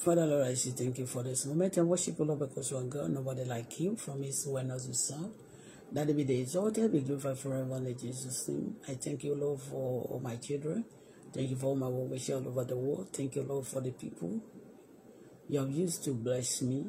Father, Lord, I say thank you for this moment and worship you, Lord, because you are God. Nobody like you. From his awareness we serve. That be the exalted, be glorified forever in Jesus' name. I thank you, Lord, for all my children. Thank you for all my work all over the world. Thank you, Lord, for the people you have used to bless me.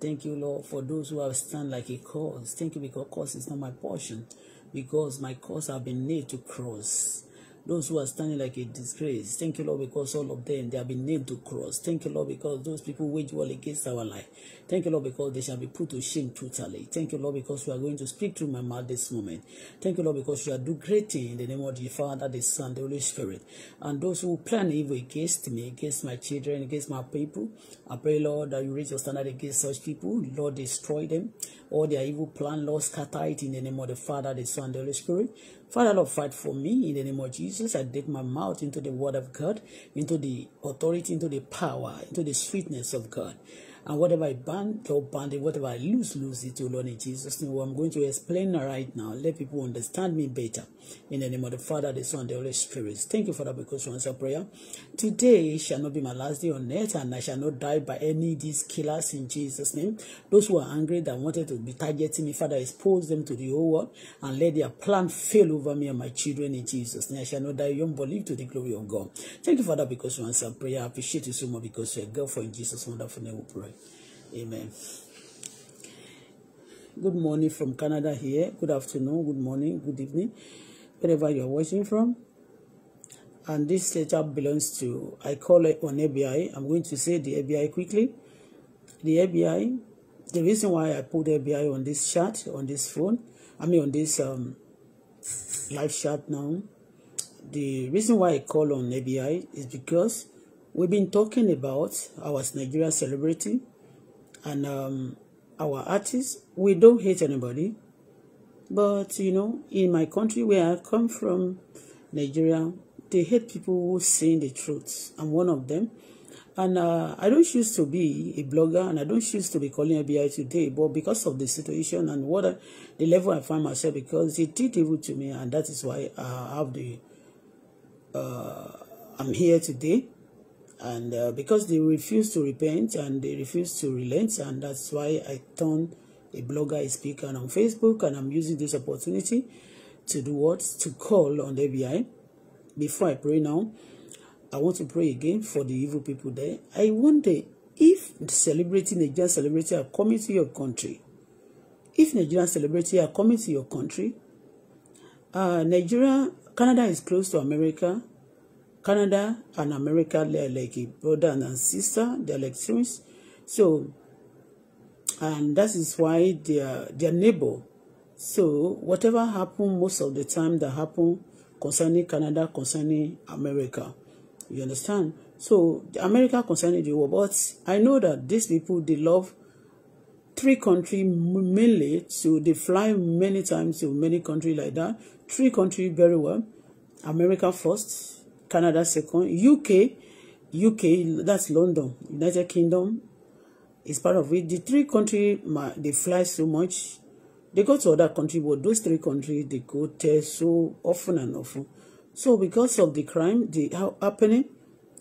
Thank you, Lord, for those who have stand like a cause. Thank you because cause is not my portion, because my cause have been made to cross. Those who are standing like a disgrace. Thank you, Lord, because all of them, they have been nailed to cross. Thank you, Lord, because those people wage war against our life. Thank you, Lord, because they shall be put to shame totally. Thank you, Lord, because you are going to speak through my mouth this moment. Thank you, Lord, because you are doing great things in the name of the Father, the Son, the Holy Spirit. And those who plan evil against me, against my children, against my people, I pray, Lord, that you raise your standard against such people. Lord, destroy them. All their evil plan, Lord, scatter it in the name of the Father, the Son, the Holy Spirit. Father, Lord, fight for me in the name of Jesus. I dip my mouth into the word of God, into the authority, into the power, into the sweetness of God. And whatever I ban, God ban it. Whatever I lose, lose it, to Lord, in Jesus' name. Well, I'm going to explain right now. Let people understand me better. In the name of the Father, the Son, the Holy Spirit. Thank you, Father, because you answer prayer. Today shall not be my last day on earth, and I shall not die by any of these killers in Jesus' name. Those who are angry that wanted to be targeting me, Father, expose them to the whole world and let their plan fail over me and my children in Jesus' name. I shall not die young, but live to the glory of God. Thank you, Father, because you answer prayer. I appreciate you so much because you're a girl for in Jesus' wonderful name we pray. Amen. Good morning from Canada here. Good afternoon, good morning, good evening, wherever you're watching from. And this setup belongs to, I call it on ABI. I'm going to say the ABI quickly. The ABI, the reason why I put ABI on this chat, on this phone, I mean on this um, live chat now, the reason why I call on ABI is because we've been talking about our Nigerian celebrity and um, our artists. We don't hate anybody. But, you know, in my country where I come from, Nigeria, they hate people who saying the truth. I'm one of them. And uh, I don't choose to be a blogger and I don't choose to be calling FBI today, but because of the situation and what I, the level I find myself, because it did evil to me, and that is why I have the uh, I'm here today and uh, because they refuse to repent and they refuse to relent and that's why I turned a blogger, a speaker on Facebook and I'm using this opportunity to do what? To call on the FBI. Before I pray now, I want to pray again for the evil people there. I wonder if celebrity, Nigerian celebrity are coming to your country, if Nigerian celebrity are coming to your country, uh, Nigeria, Canada is close to America, Canada and America, they're like a brother and sister, they're like twins. So, and that is why they are their neighbor. So, whatever happen most of the time that happen concerning Canada, concerning America. You understand? So, America concerning the war. But I know that these people, they love three country mainly. So, they fly many times to many country like that. Three country very well. America first, Canada second. UK, UK, that's London, United Kingdom is part of it. The three country they fly so much. They go to other country, but those three countries they go there so often and often. So because of the crime they are happening,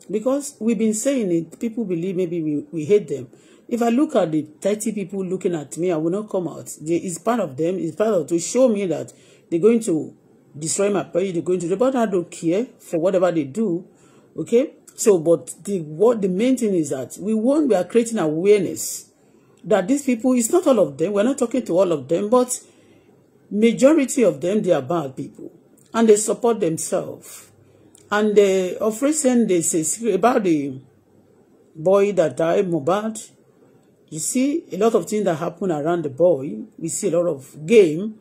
because we've been saying it, people believe maybe we, we hate them. If I look at the thirty people looking at me, I will not come out. They, it's part of them, it's part of to show me that they're going to destroy my prayer, they're going to do, but I don't care for whatever they do. Okay? So, but the what the main thing is that we want we are creating awareness that these people, it's not all of them, we're not talking to all of them, but majority of them, they are bad people. And they support themselves. And they, of recent, they say about the boy that died, Mobad. You see, a lot of things that happen around the boy. We see a lot of game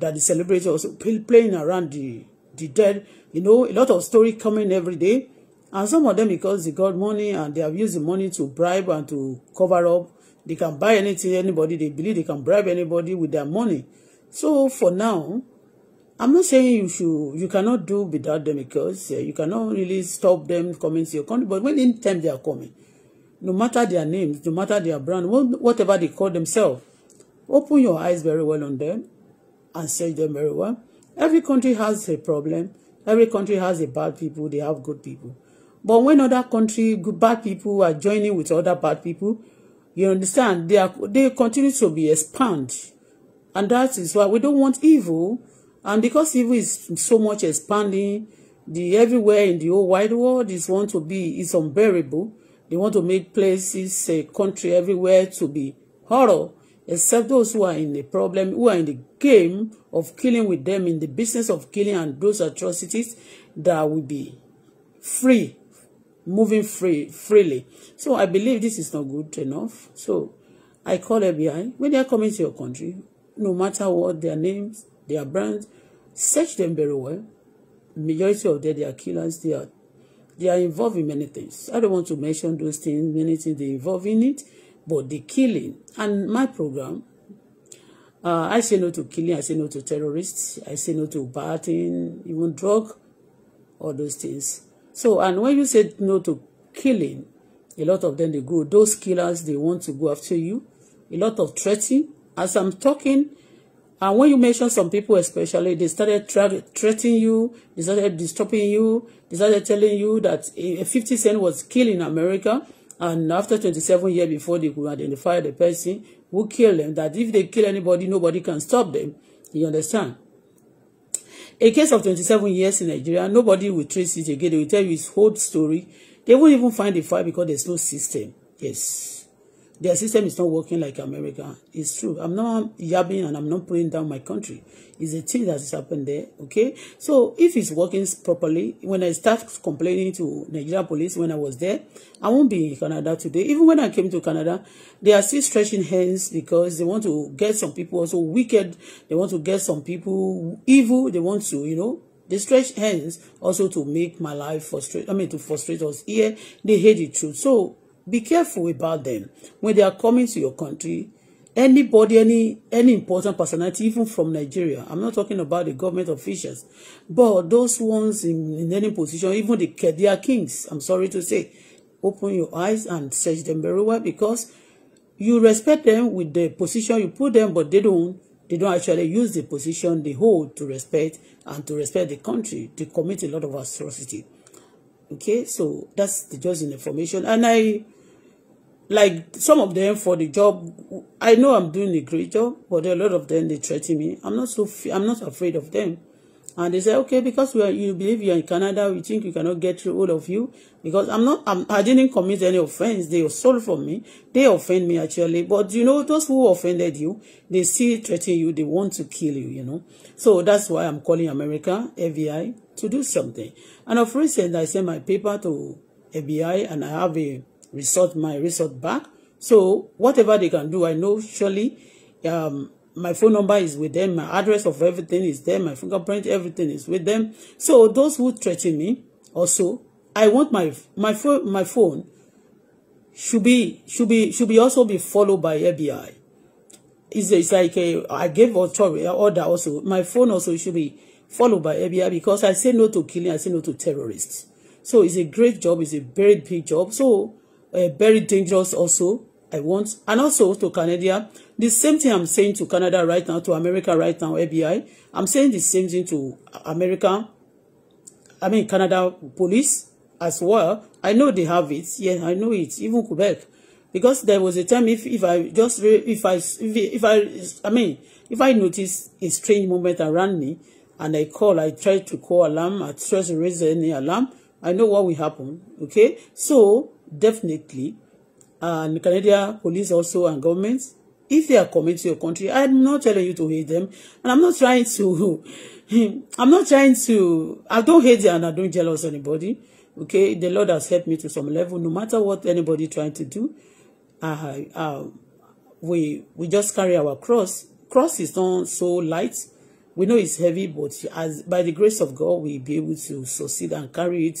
that the celebrity also playing around the the dead. You know, a lot of story coming every day. And some of them, because they got money and they have used the money to bribe and to cover up, they can buy anything, anybody. They believe they can bribe anybody with their money. So for now, I'm not saying you should, you cannot do without them because uh, you cannot really stop them coming to your country. But when in time they are coming, no matter their names, no matter their brand, whatever they call themselves, open your eyes very well on them and send them everywhere. Every country has a problem. Every country has a bad people. They have good people. But when other country good, bad people are joining with other bad people, you understand they are they continue to be expand, and that is why we don't want evil. And because evil is so much expanding, the everywhere in the whole wide world is want to be is unbearable. They want to make places, a uh, country everywhere to be horror except those who are in the problem, who are in the game of killing with them, in the business of killing and those atrocities that will be free, moving free freely. So I believe this is not good enough. So I call FBI. When they are coming to your country, no matter what their names, their brands, search them very well. Majority of them, they are killers. They are, they are involved in many things. I don't want to mention those things, many things they involve in it but the killing and my program uh, I say no to killing I say no to terrorists I say no to batting even drug all those things so and when you say no to killing a lot of them they go those killers they want to go after you a lot of threatening as I'm talking and when you mention some people especially they started threatening you they started disturbing you they started telling you that a 50 cent was killing America And after twenty-seven years before they could identify the person who killed them, that if they kill anybody, nobody can stop them. You understand? A case of twenty-seven years in Nigeria, nobody will trace it again. They will tell you his whole story. They won't even find the file because there's no system. Yes. Their system is not working like America. It's true. I'm not yabbing and I'm not putting down my country. It's a thing that has happened there. Okay. So if it's working properly, when I start complaining to Nigerian police when I was there, I won't be in Canada today. Even when I came to Canada, they are still stretching hands because they want to get some people also wicked. They want to get some people evil. They want to, you know, they stretch hands also to make my life frustrate. I mean, to frustrate us here. They hate the truth. So Be careful about them when they are coming to your country. Anybody, any any important personality, even from Nigeria. I'm not talking about the government officials, but those ones in, in any position, even the Kedia kings. I'm sorry to say, open your eyes and search them very well because you respect them with the position you put them, but they don't they don't actually use the position they hold to respect and to respect the country to commit a lot of atrocity. Okay, so that's the just information. And I like some of them for the job i know i'm doing a great job but a lot of them they threaten me i'm not so i'm not afraid of them and they say okay because we are, you believe you're in canada we think we cannot get through all of you because i'm not I'm, i didn't commit any offense they stole from me they offend me actually but you know those who offended you they still threaten you they want to kill you you know so that's why i'm calling america fbi to do something and of recent i sent my paper to fbi and i have a resort my resort back. So whatever they can do, I know surely um, my phone number is with them, my address of everything is there, my fingerprint, everything is with them. So those who threaten me also, I want my my phone my phone should be should be should be also be followed by FBI. It's, it's like a, I gave authority order also. My phone also should be followed by FBI because I say no to killing, I say no to terrorists. So it's a great job, it's a very big job. So uh, very dangerous also. I want, and also to Canada, the same thing I'm saying to Canada right now, to America right now, FBI. I'm saying the same thing to America, I mean Canada police as well. I know they have it. Yeah, I know it. Even Quebec, because there was a time if if I just if I if I I mean if I notice a strange moment around me and I call, I try to call alarm, I try to raise any alarm. I know what will happen. Okay, so definitely, uh, and Canadian police also and government, if they are coming to your country, I'm not telling you to hate them, and I'm not trying to, I'm not trying to, I don't hate them and I don't jealous anybody. Okay, the Lord has helped me to some level. No matter what anybody trying to do, uh, uh, we we just carry our cross. Cross is not so light. We know it's heavy, but as by the grace of God, we'll be able to succeed and carry it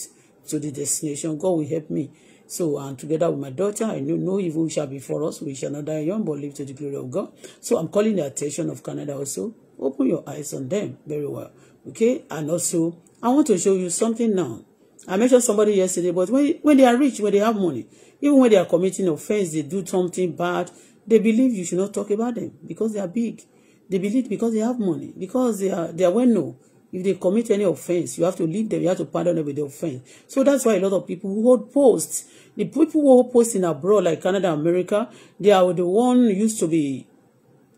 to the destination. God will help me. So, and together with my daughter, I know no evil shall be for us. We shall not die young, but live to the glory of God. So, I'm calling the attention of Canada also. Open your eyes on them very well. Okay? And also, I want to show you something now. I mentioned somebody yesterday, but when, when they are rich, when they have money, even when they are committing offense, they do something bad, they believe you should not talk about them because they are big. They believe because they have money, because they are, they are well known. If they commit any offense, you have to leave them. You have to pardon them with the offense. So that's why a lot of people who hold posts, the people who hold posts in abroad like Canada, America, they are the one used to be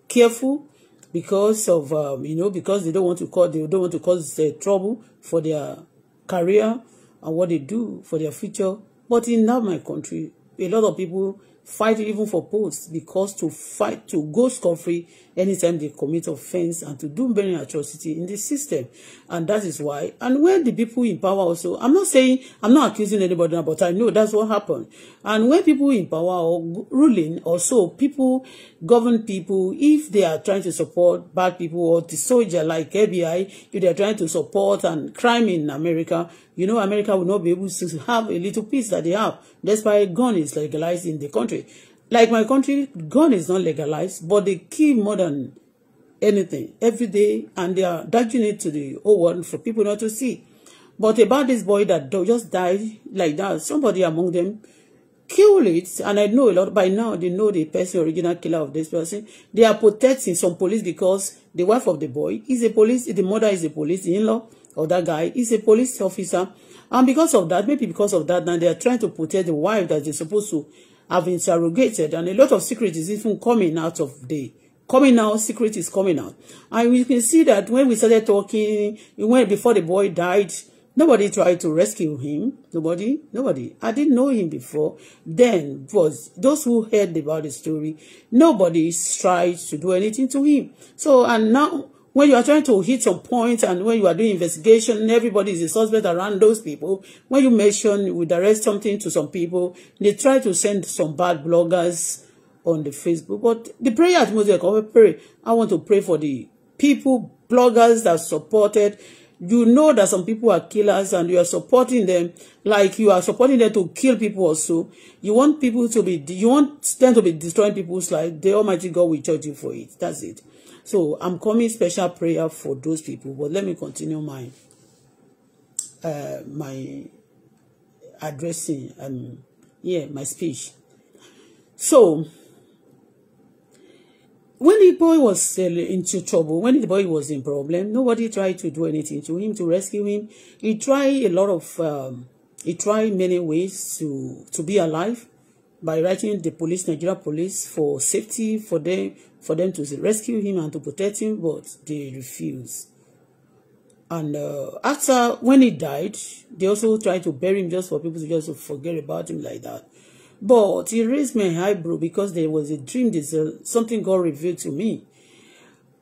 careful because of um, you know because they don't want to cause they don't want to cause uh, trouble for their career and what they do for their future. But in now my country, a lot of people fight even for posts because to fight to go scot-free anytime they commit offense and to do very atrocity in the system and that is why and when the people in power also i'm not saying i'm not accusing anybody now but i know that's what happened and when people in power or ruling also people govern people if they are trying to support bad people or the soldier like FBI if they are trying to support and crime in America you know America will not be able to have a little peace that they have. That's why gun is legalized in the country. Like my country, gun is not legalized, but they kill more than anything every day, and they are dodging it to the whole world for people not to see. But about this boy that just died like that, somebody among them killed it, and I know a lot by now. They know the person, original killer of this person. They are protecting some police because the wife of the boy is a police, the mother is a police in-law of that guy is a police officer. And because of that, maybe because of that, now they are trying to protect the wife that they're supposed to have interrogated. And a lot of secret is even coming out of the coming out, secret is coming out. And we can see that when we started talking, when before the boy died, Nobody tried to rescue him. Nobody, nobody. I didn't know him before. Then was those who heard about the story. Nobody tried to do anything to him. So and now When you are trying to hit your point and when you are doing investigation, everybody is a suspect around those people. When you mention we arrest something to some people, they try to send some bad bloggers on the Facebook. But the prayer at Moses, I pray. I want to pray for the people, bloggers that supported you know that some people are killers and you are supporting them like you are supporting them to kill people also you want people to be you want them to be destroying people's life the almighty god will judge you for it that's it so i'm coming special prayer for those people but let me continue my uh my addressing um yeah my speech so when the boy was uh, into trouble, when the boy was in problem, nobody tried to do anything to him to rescue him. He tried a lot of, um, he tried many ways to to be alive by writing the police, Nigeria police, for safety for them for them to rescue him and to protect him, but they refused. And uh, after when he died, they also tried to bury him just for people to just forget about him like that. But he raised my eyebrow because there was a dream, there's something God revealed to me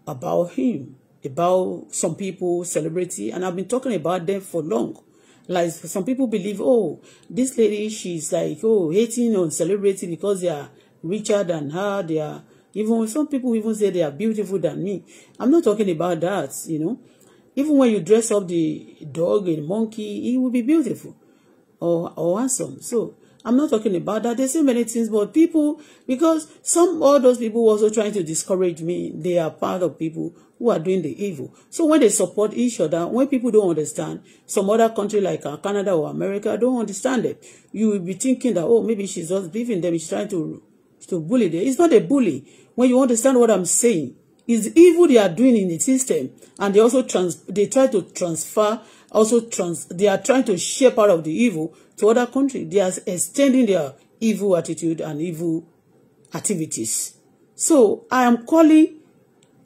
about him, about some people, celebrity, and I've been talking about them for long. Like some people believe, oh, this lady, she's like, oh, hating on celebrity because they are richer than her, they are, even some people even say they are beautiful than me. I'm not talking about that, you know. Even when you dress up the dog and monkey, it will be beautiful or, or handsome. So, I'm not talking about that. There's so many things, but people, because some all those people were also trying to discourage me, they are part of people who are doing the evil. So when they support each other, when people don't understand, some other country like uh, Canada or America don't understand it. You will be thinking that, oh, maybe she's just believing them, she's trying to, to bully them. It's not a bully. When you understand what I'm saying, is evil they are doing in the system and they also trans they try to transfer also trans they are trying to shape out of the evil to other countries. They are extending their evil attitude and evil activities. So I am calling,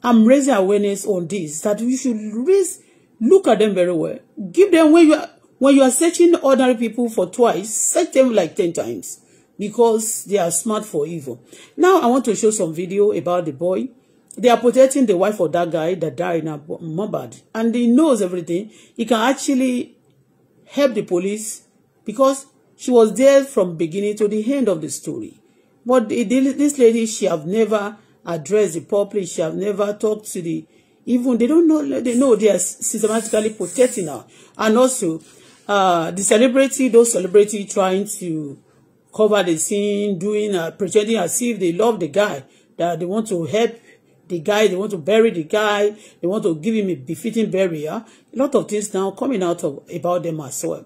I'm raising awareness on this, that we should raise, look at them very well. Give them, when you are, when you are searching ordinary people for twice, search them like ten times because they are smart for evil. Now I want to show some video about the boy. They are protecting the wife of that guy that died in a Mobad. And he knows everything. He can actually help the police because she was there from beginning to the end of the story. But this lady, she have never addressed the public. She have never talked to the even they don't know they know they are systematically protecting her and also uh, the celebrity those celebrity trying to cover the scene doing uh, pretending as if they love the guy that they want to help the guy they want to bury the guy they want to give him a befitting burial a lot of things now coming out of about them as well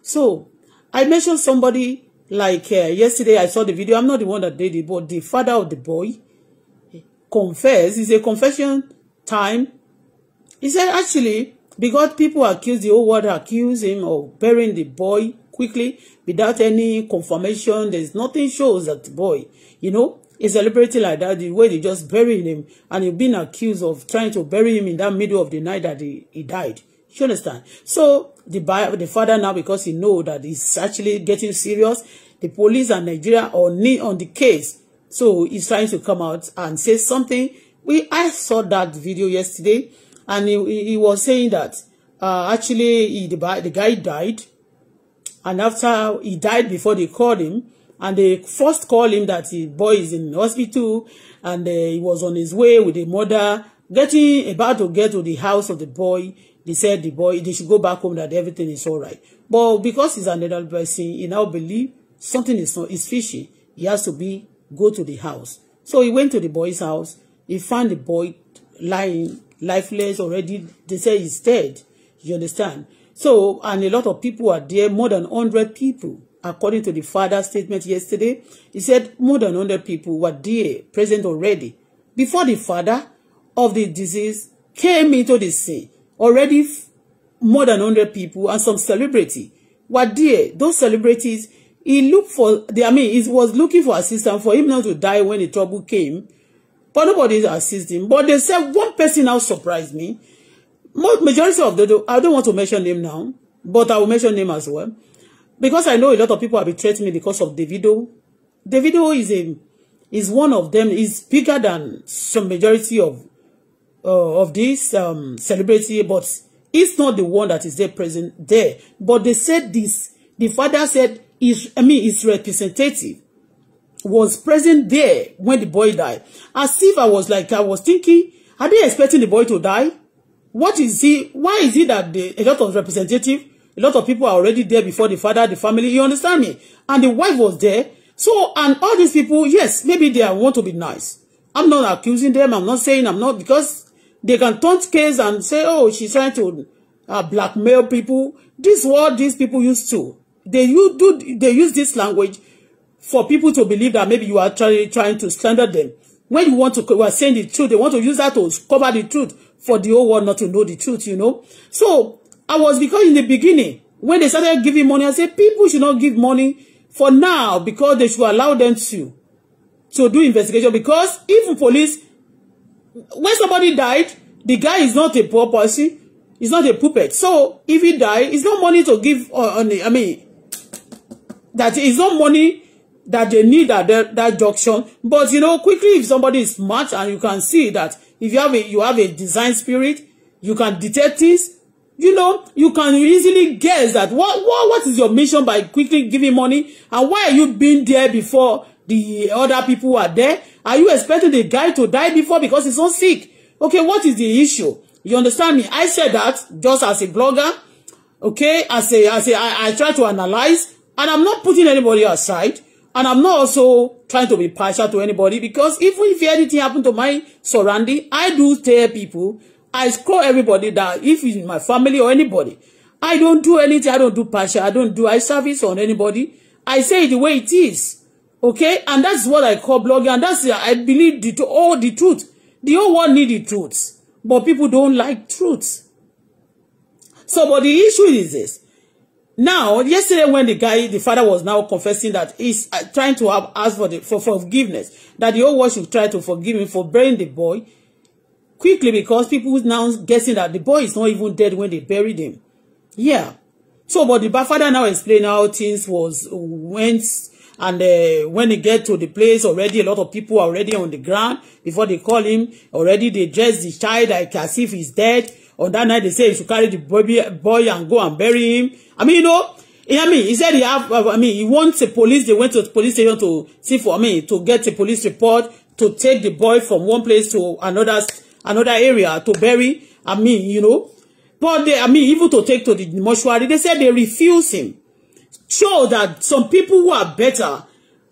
so I mentioned somebody like uh, yesterday I saw the video. I'm not the one that did it, but the father of the boy confessed. It's a confession time. He said, actually, because people accuse the whole world accuse him of burying the boy quickly without any confirmation. There's nothing shows that the boy, you know, is celebrating like that, the way they just burying him and he's been accused of trying to bury him in that middle of the night that he, he died. You understand? So the the father now because he know that it's actually getting serious. The police and Nigeria are on the case. So he's trying to come out and say something. We I saw that video yesterday, and he, he was saying that uh, actually he, the, the guy died, and after he died before they called him, and they first called him that the boy is in hospital, and uh, he was on his way with the mother, getting about to get to the house of the boy. They said the boy, they should go back home, that everything is all right. But because he's an elderly person, he now believe something is not is fishy. He has to be go to the house. So he went to the boy's house. He found the boy lying lifeless already. They say he's dead. You understand? So, and a lot of people are there, more than hundred people. According to the father's statement yesterday, he said more than hundred people were there, present already, before the father of the disease came into the scene already more than 100 people and some celebrity were there. Those celebrities, he looked for, they, I mean, he was looking for assistance for him not to die when the trouble came. But nobody assisted him. But they said one person now surprised me. Most majority of the, I don't want to mention name now, but I will mention name as well. Because I know a lot of people have betrayed me because of Davido. Davido is a, is one of them, is bigger than some majority of uh, of this um, celebrity, but it's not the one that is there present there. But they said this. The father said, his, I mean, his representative was present there when the boy died. As if I was like, I was thinking, are they expecting the boy to die? What is he? Why is it that the, a lot of representative, a lot of people are already there before the father, the family, you understand me? And the wife was there. So, and all these people, yes, maybe they want to be nice. I'm not accusing them. I'm not saying I'm not, because They can turn case and say, oh, she's trying to uh, blackmail people. This is what these people used to. They you do, they use this language for people to believe that maybe you are try, trying to slander them. When you want to, you are saying the truth, they want to use that to cover the truth for the whole world not to know the truth, you know. So, I was, because in the beginning, when they started giving money, I said people should not give money for now because they should allow them to, to do investigation because if police when somebody died, the guy is not a poor person. He's not a puppet. So if he died, it's not money to give uh, on, the, I mean, that is not money that they need at that, that junction. But you know, quickly, if somebody is smart and you can see that if you have a, you have a design spirit, you can detect this. You know, you can easily guess that what, what, what is your mission by quickly giving money and why are you being there before the other people are there? Are you expecting the guy to die before because he's so sick? Okay, what is the issue? You understand me? I said that just as a blogger, okay, as a, as a, I, I try to analyze, and I'm not putting anybody aside, and I'm not also trying to be partial to anybody because even if anything happened to my surrounding, I do tell people, I call everybody that if it's my family or anybody, I don't do anything, I don't do partial, I don't do eye service on anybody. I say it the way it is. Okay, and that's what I call blogging, and that's I believe the all the truth. The old one need the truth, but people don't like truth. So, but the issue is this. Now, yesterday when the guy, the father was now confessing that he's uh, trying to have, ask for, the, for, forgiveness, that the old one should try to forgive him for burying the boy quickly because people now guessing that the boy is not even dead when they buried him. Yeah. So, but the father now explained how things was, went, and uh, when he get to the place already a lot of people are already on the ground before they call him already they dress the child like as if he's dead on that night they say he should carry the baby boy and go and bury him i mean you know you know what I mean? He said he have, uh, I mean, he wants the police, they went to the police station to see for, I mean, to get a police report, to take the boy from one place to another, another area to bury, I mean, you know. But they, I mean, even to take to the mortuary, they said they refuse him show that some people who are better,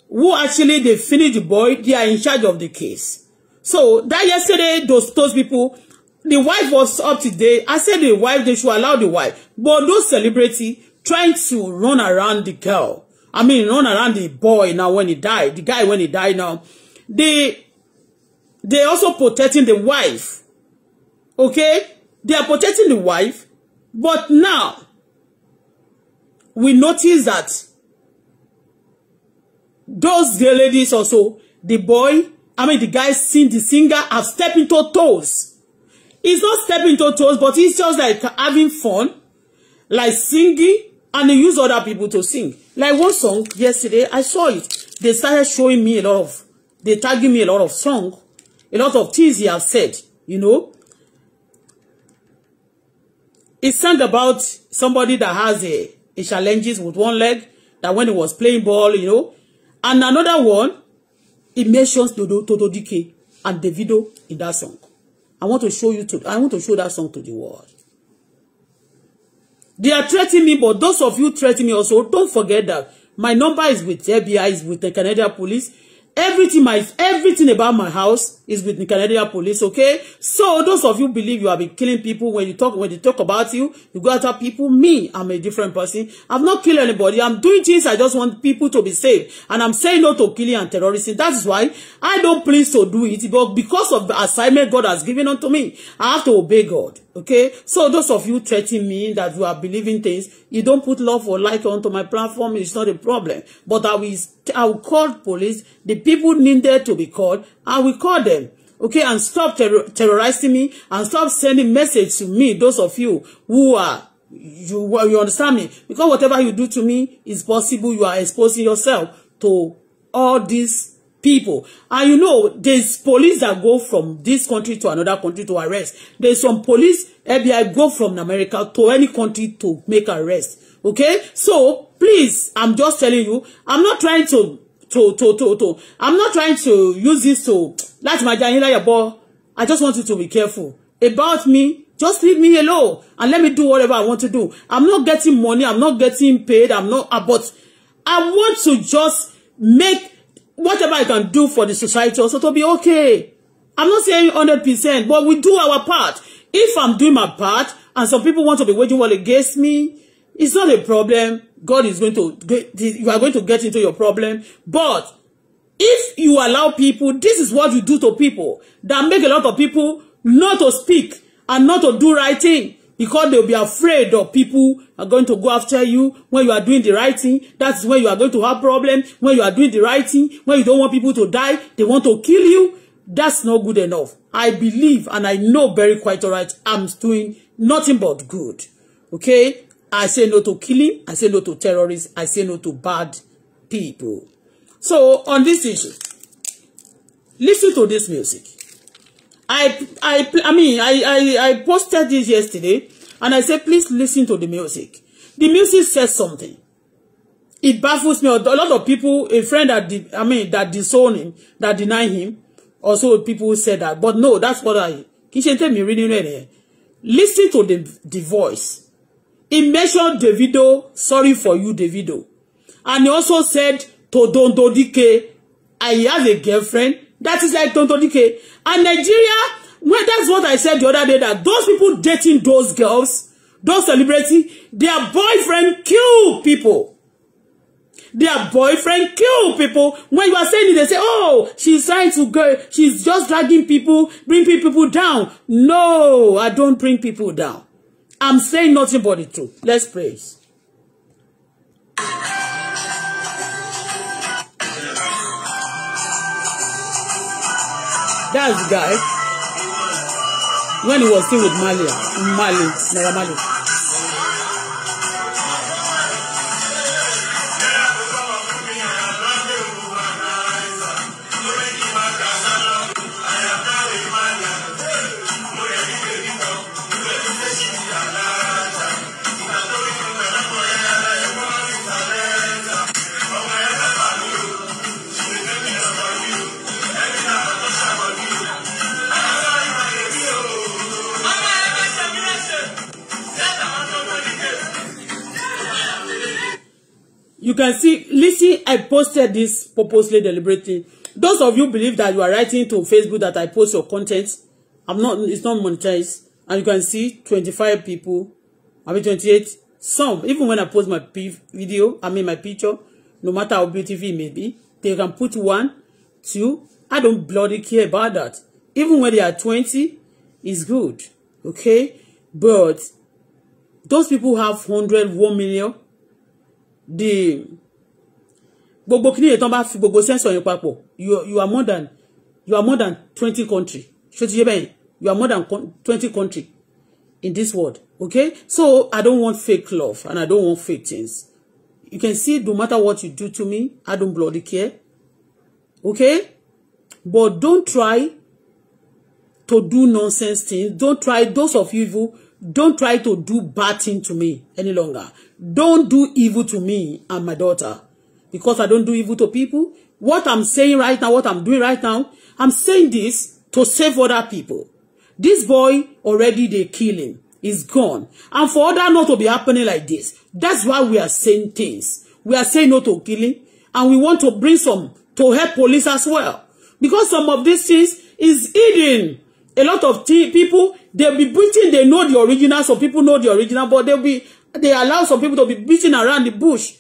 who actually they finish the boy, they are in charge of the case. So that yesterday, those those people, the wife was up today. I said the wife, they should allow the wife. But those celebrity trying to run around the girl. I mean, run around the boy now when he died, the guy when he died now. They they also protecting the wife. Okay? They are protecting the wife. But now, we notice that those ladies also, the boy, I mean the guy sing the singer have stepped into toes. It's not stepping into toes, but it's just like having fun, like singing, and they use other people to sing. Like one song yesterday, I saw it. They started showing me a lot of, they tagging me a lot of song, a lot of things he have said, you know. It sang about somebody that has a he challenges with one leg that when he was playing ball, you know. And another one, he mentions Dodo Toto DK and Davido in that song. I want to show you to I want to show that song to the world. They are threatening me, but those of you threatening me also, don't forget that my number is with FBI, is with the Canadian police. Everything my everything about my house Is with the Canadian police, okay? So those of you believe you have been killing people when you talk when they talk about you, you go after people. Me, I'm a different person. I've not killed anybody. I'm doing things I just want people to be safe. And I'm saying no to killing and terrorism. That is why I don't please to do it, but because of the assignment God has given unto me, I have to obey God. Okay, so those of you threatening me that you are believing things, you don't put love or light onto my platform, it's not a problem. But I will, I will call police. The people needed to be called, and we call them okay and stop terror terrorizing me and stop sending message to me those of you who are you you understand me because whatever you do to me is possible you are exposing yourself to all these people and you know there's police that go from this country to another country to arrest there's some police FBI go from America to any country to make arrest okay so please i'm just telling you i'm not trying to to to to to i'm not trying to use this to láti máa jẹ ayé láyà but i just want you to be careful about me just leave me alone and let me do whatever i want to do i'm not getting money i'm not getting paid i'm not uh, but i want to just make whatever i can do for the society also to be okay i'm not saying 100 percent but we do our part if i'm doing my part and some people want to be waging war against me it's not a problem God is going to you are going to get into your problem but if you allow people this is what you do to people that make a lot of people not to speak and not to do right thing because they'll be afraid of people are going to go after you when you are doing the right thing that's when you are going to have problem when you are doing the right thing when you don't want people to die they want to kill you that's not good enough I believe and I know very quite all right I'm doing nothing but good okay I say no to killing. I say no to terrorists. I say no to bad people. So on this issue, listen to this music. I I I mean I I, I posted this yesterday and I said please listen to the music. The music says something. It baffles me. A lot of people, a friend that I mean that disown him, that deny him, also people said that. But no, that's what I. Kì í ṣe tèmi rí Listen to the the voice. He mentioned Davido, sorry for you, Davido. And he also said to Dondo Dike, I have a girlfriend. That is like Dondo Dike. And Nigeria, well, that's what I said the other day, that those people dating those girls, those celebrities, their boyfriend kill people. Their boyfriend kill people. When you are saying it, they say, oh, she's trying to go, she's just dragging people, bring people down. No, I don't bring people down. I'm saying nothing but the truth. Let's praise. That's the guy when he was still with Mali, Mali, Naira Mali. you can see listen I posted this purposely deliberately those of you believe that you are writing to Facebook that I post your content I'm not it's not monetized and you can see 25 people I mean 28 some even when I post my video I mean my picture no matter how beautiful it may be they can put one two I don't bloody care about that even when they are 20 it's good okay but those people have hundred, one million the gbogbo kíní yẹn tán bá fi gbogbo sensor yẹn papọ̀ you, you are more than you are more than twenty country ṣé ti yé bẹ́yẹn you are more than twenty country in this world okay so I don't want fake love and I don't want fake things you can see no matter what you do to me I don't bloody care okay but don't try to do nonsense things don't try those of you who Don't try to do bad thing to me any longer. Don't do evil to me and my daughter because I don't do evil to people. What I'm saying right now, what I'm doing right now, I'm saying this to save other people. This boy, already they kill him. He's gone. And for other not to be happening like this, that's why we are saying things. We are saying no to killing. And we want to bring some to help police as well. Because some of these things is hidden a lot of people they'll be beating they know the original some people know the original but they'll be they allow some people to be beating around the bush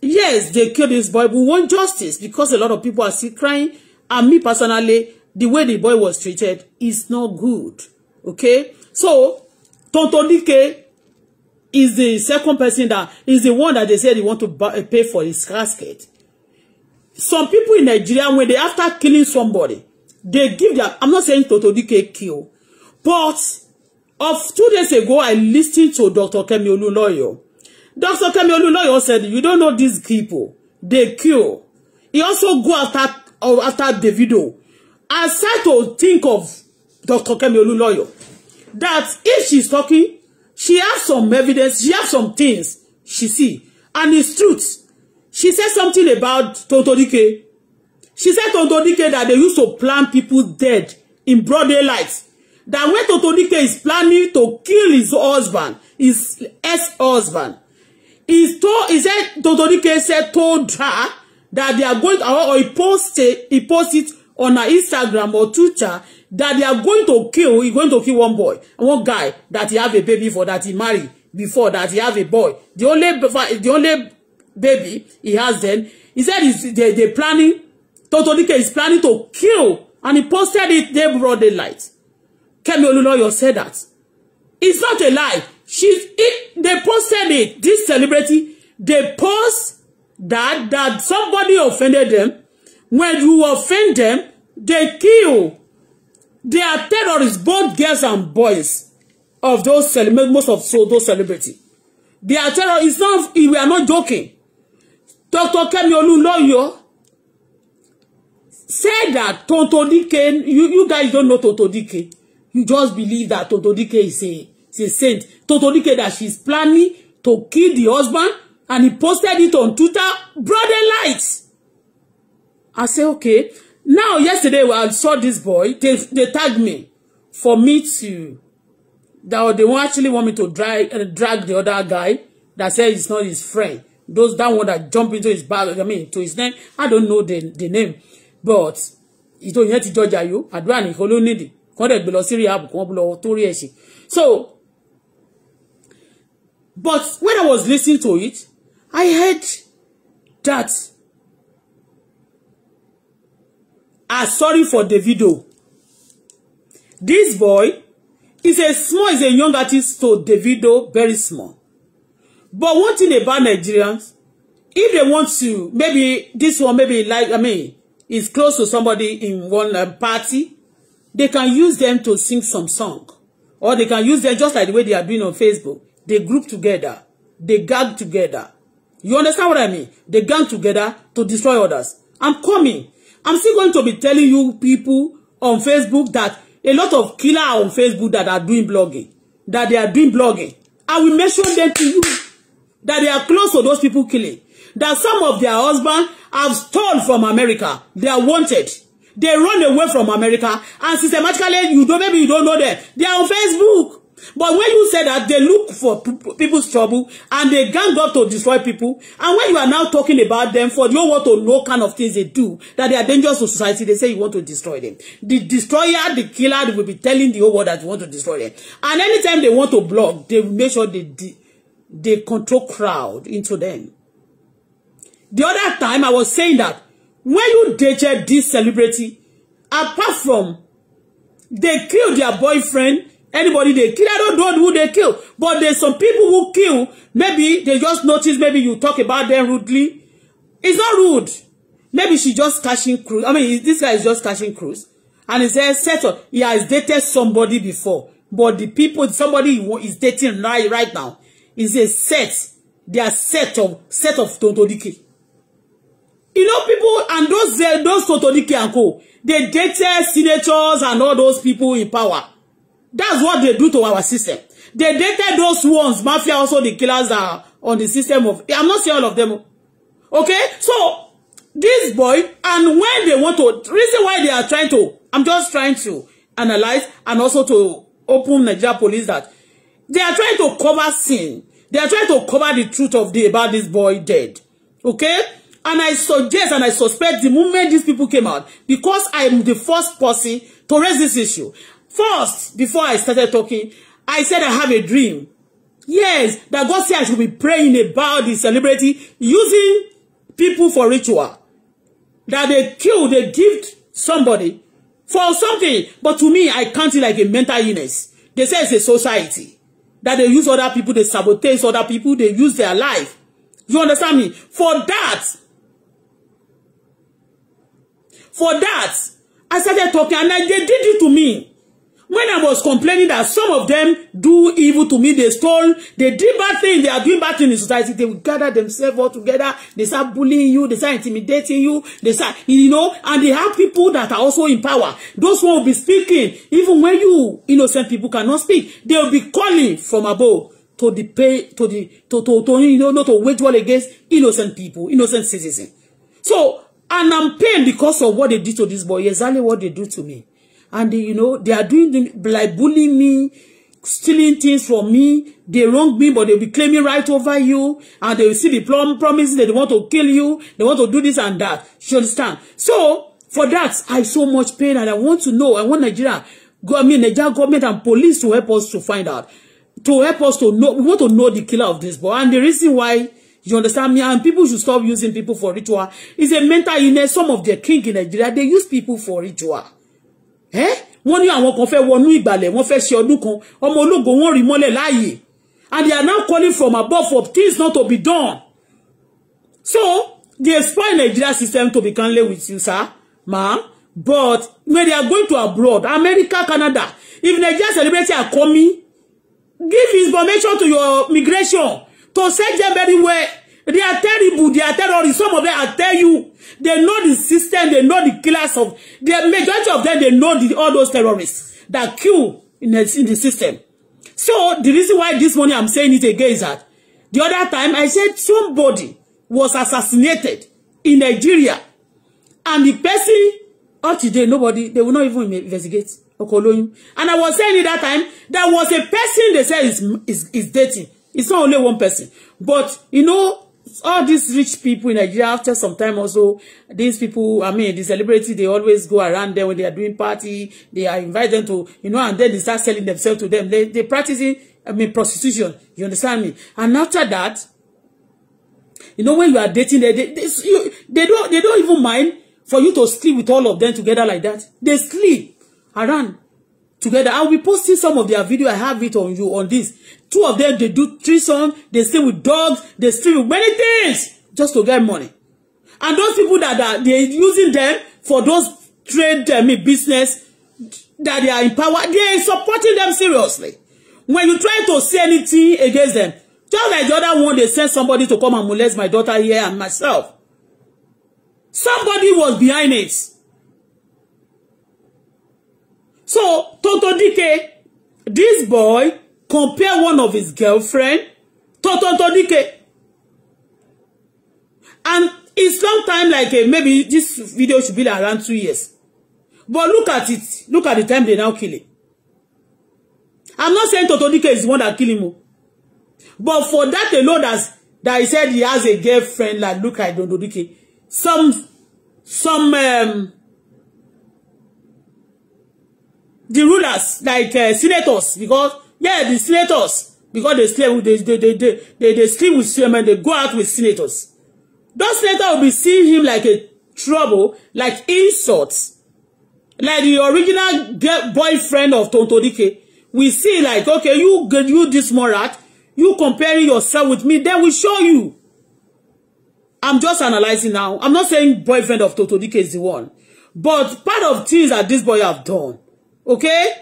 yes they killed this boy we want justice because a lot of people are still crying and me personally the way the boy was treated is not good okay so Tonto Dike is the second person that is the one that they said they want to buy, pay for his casket some people in Nigeria when they after killing somebody They give their, I'm not saying Toto Dike kill, but of two days ago, I listened to Dr. Kemi Oluloyo. Dr. Kemi Oluloyo said, you don't know these people. They kill. He also go after, uh, after the video. I start to think of Dr. Kemi Oluloyo that if she's talking, she has some evidence, she has some things she see, and it's truth. She said something about Toto Dike. She said to Todike that they used to plan people dead in broad daylight. That when Totodike is planning to kill his husband, his ex-husband, he, told, he said Totodike said told her that they are going to, or he posted, he posted on her Instagram or Twitter that they are going to kill, he's going to kill one boy, one guy that he have a baby for, that he married before, that he have a boy. The only, the only baby he has then, he said they, they're planning Totodike is planning to kill and he posted it day broad daylight. Kemi Oluloyo said that. It's not a lie. She's it, they posted it. This celebrity, they post that that somebody offended them. When you offend them, they kill. They are terrorists, both girls and boys of those celebrities, most of so those celebrities. They are terrorists. It's not, we are not joking. Dr. Kemi Oluloyo Say that Toto Dike, you, you guys don't know Toto Dike. You just believe that Toto Dike is a, is a saint. Toto Dike that she's planning to kill the husband and he posted it on Twitter. Brother lights. I say, okay. Now, yesterday, I saw this boy. They, they tagged me for me to... That they actually want me to drag, uh, drag the other guy that said it's not his friend. Those that one that jump into his bag, I mean, to his name. I don't know the, the name but ìtò yẹn ti jọjà yó àdúrà ní olónìdì kọ́ dẹ̀ gbé lọ sí rehab kọ́ lọ torí ẹ̀ ṣe so but when I was listening to it I heard that are sorry for Davido. This boy is a small, is a young artist to Davido, very small. But one thing about Nigerians, if they want to, maybe this one, maybe like, I mean, is close to somebody in one uh, party, they can use them to sing some song. Or they can use them just like the way they are doing on Facebook. They group together. They gang together. You understand what I mean? They gang together to destroy others. I'm coming. I'm still going to be telling you people on Facebook that a lot of killer on Facebook that are doing blogging. That they are doing blogging. I will mention them to you. That they are close to those people killing that some of their husbands have stolen from America. They are wanted. They run away from America. And systematically, you don't, maybe you don't know them. They are on Facebook. But when you say that they look for people's trouble and they gang up to destroy people, and when you are now talking about them for you want to know kind of things they do that they are dangerous to society, they say you want to destroy them. The destroyer, the killer, will be telling the whole world that you want to destroy them. And anytime they want to block, they make sure they they control crowd into them. The other time I was saying that when you dated this celebrity, apart from they kill their boyfriend, anybody they kill, I don't know who they kill, but there's some people who kill, maybe they just notice, maybe you talk about them rudely. It's not rude. Maybe she just cashing cruise. I mean, this guy is just cashing cruise. And he says, settle. He has dated somebody before. But the people, somebody he is dating right, right now, is a set. They are set of, set of Tododiki. You know, people and those uh, those Totoniki and co, they dated senators and all those people in power. That's what they do to our system. They dated those ones, mafia also the killers are on the system of, eh, I'm not saying all of them. Oh. Okay, so this boy, and when they want to, reason why they are trying to, I'm just trying to analyze and also to open Nigeria police that they are trying to cover sin. They are trying to cover the truth of the about this boy dead. Okay? And I suggest and I suspect the moment these people came out, because I am the first person to raise this issue. First, before I started talking, I said I have a dream. Yes, that God said I should be praying about the celebrity using people for ritual. That they kill, they give somebody for something. But to me, I count it like a mental illness. They say it's a society. That they use other people, they sabotage other people, they use their life. You understand me? For that, For that, I started talking and I, they did it to me. When I was complaining that some of them do evil to me, they stole, they did bad things, they are doing bad things in society, they will gather themselves all together, they start bullying you, they start intimidating you, they start, you know, and they have people that are also in power. Those one will be speaking, even when you, innocent people cannot speak, they will be calling from above to the pay, to the, to, to, to you know, not to wage war against innocent people, innocent citizens. So, And I'm pained because of what they did to this boy, exactly what they do to me. And they, you know, they are doing the like bullying me, stealing things from me. They wrong me, but they'll be claiming right over you. And they will see the prom promises that they want to kill you. They want to do this and that. You understand? So, for that, I so much pain and I want to know. I want Nigeria, I mean, Nigerian government and police to help us to find out. To help us to know, we want to know the killer of this boy. And the reason why You understand me? And people should stop using people for ritual. It's a mental illness. Some of their king in Nigeria, they use people for ritual. Eh? One Wọ́n ní àwọn kan fẹ́ wọnú ìgbàlẹ̀, wọ́n fẹ́ ṣe ọdún kan, ọmọ ológo on, rí mọ́lẹ̀ lie. And they are now calling from above for things not to be done. So, they spoil Nigeria system to be kindly with you, sir, ma. But when they are going to abroad, America, Canada, if Nigeria celebrity are coming, give information to your migration. To say them very They are terrible. They are terrorists. Some of them, I tell you, they know the system. They know the killers of. The majority of them, they know the, all those terrorists that kill in the, in the system. So the reason why this morning I'm saying it again is that the other time I said somebody was assassinated in Nigeria, and the person up today nobody they will not even investigate Okoloyun. And I was saying it that time there was a person they said is is is dating It's not only one person. But, you know, all these rich people in Nigeria, after some time also, these people, I mean, the celebrity, they always go around them when they are doing party. They are invited to, you know, and then they start selling themselves to them. They, they practicing, I mean, prostitution. You understand me? And after that, you know, when you are dating, they, they, they, you, they don't, they don't even mind for you to sleep with all of them together like that. They sleep around together. I'll be posting some of their video. I have it on you on this. Two of them, they do treason. They stay with dogs. They stay with many things just to get money. And those people that are they're using them for those trade them business that they are in power, they are supporting them seriously. When you try to say anything against them, just like the other one, they sent somebody to come and molest my daughter here and myself. Somebody was behind it. So Toto Dike, this boy compare one of his girlfriend, Toto Dike, and it's long time like uh, maybe this video should be like around two years. But look at it. Look at the time they now kill him. I'm not saying Toto Dike is the one that kill him. But for that alone, that's, that he said he has a girlfriend, like look at Toto Dike. Some, some, um, the rulers like uh, senators because yeah the senators because they sleep they they they they, they, they sleep with women they go out with senators those senators will be seeing him like a trouble like insults like the original girl, boyfriend of Tonto Dike we see like okay you you this morat you comparing yourself with me then we show you I'm just analyzing now I'm not saying boyfriend of Tonto Dike is the one but part of things that this boy have done Okay?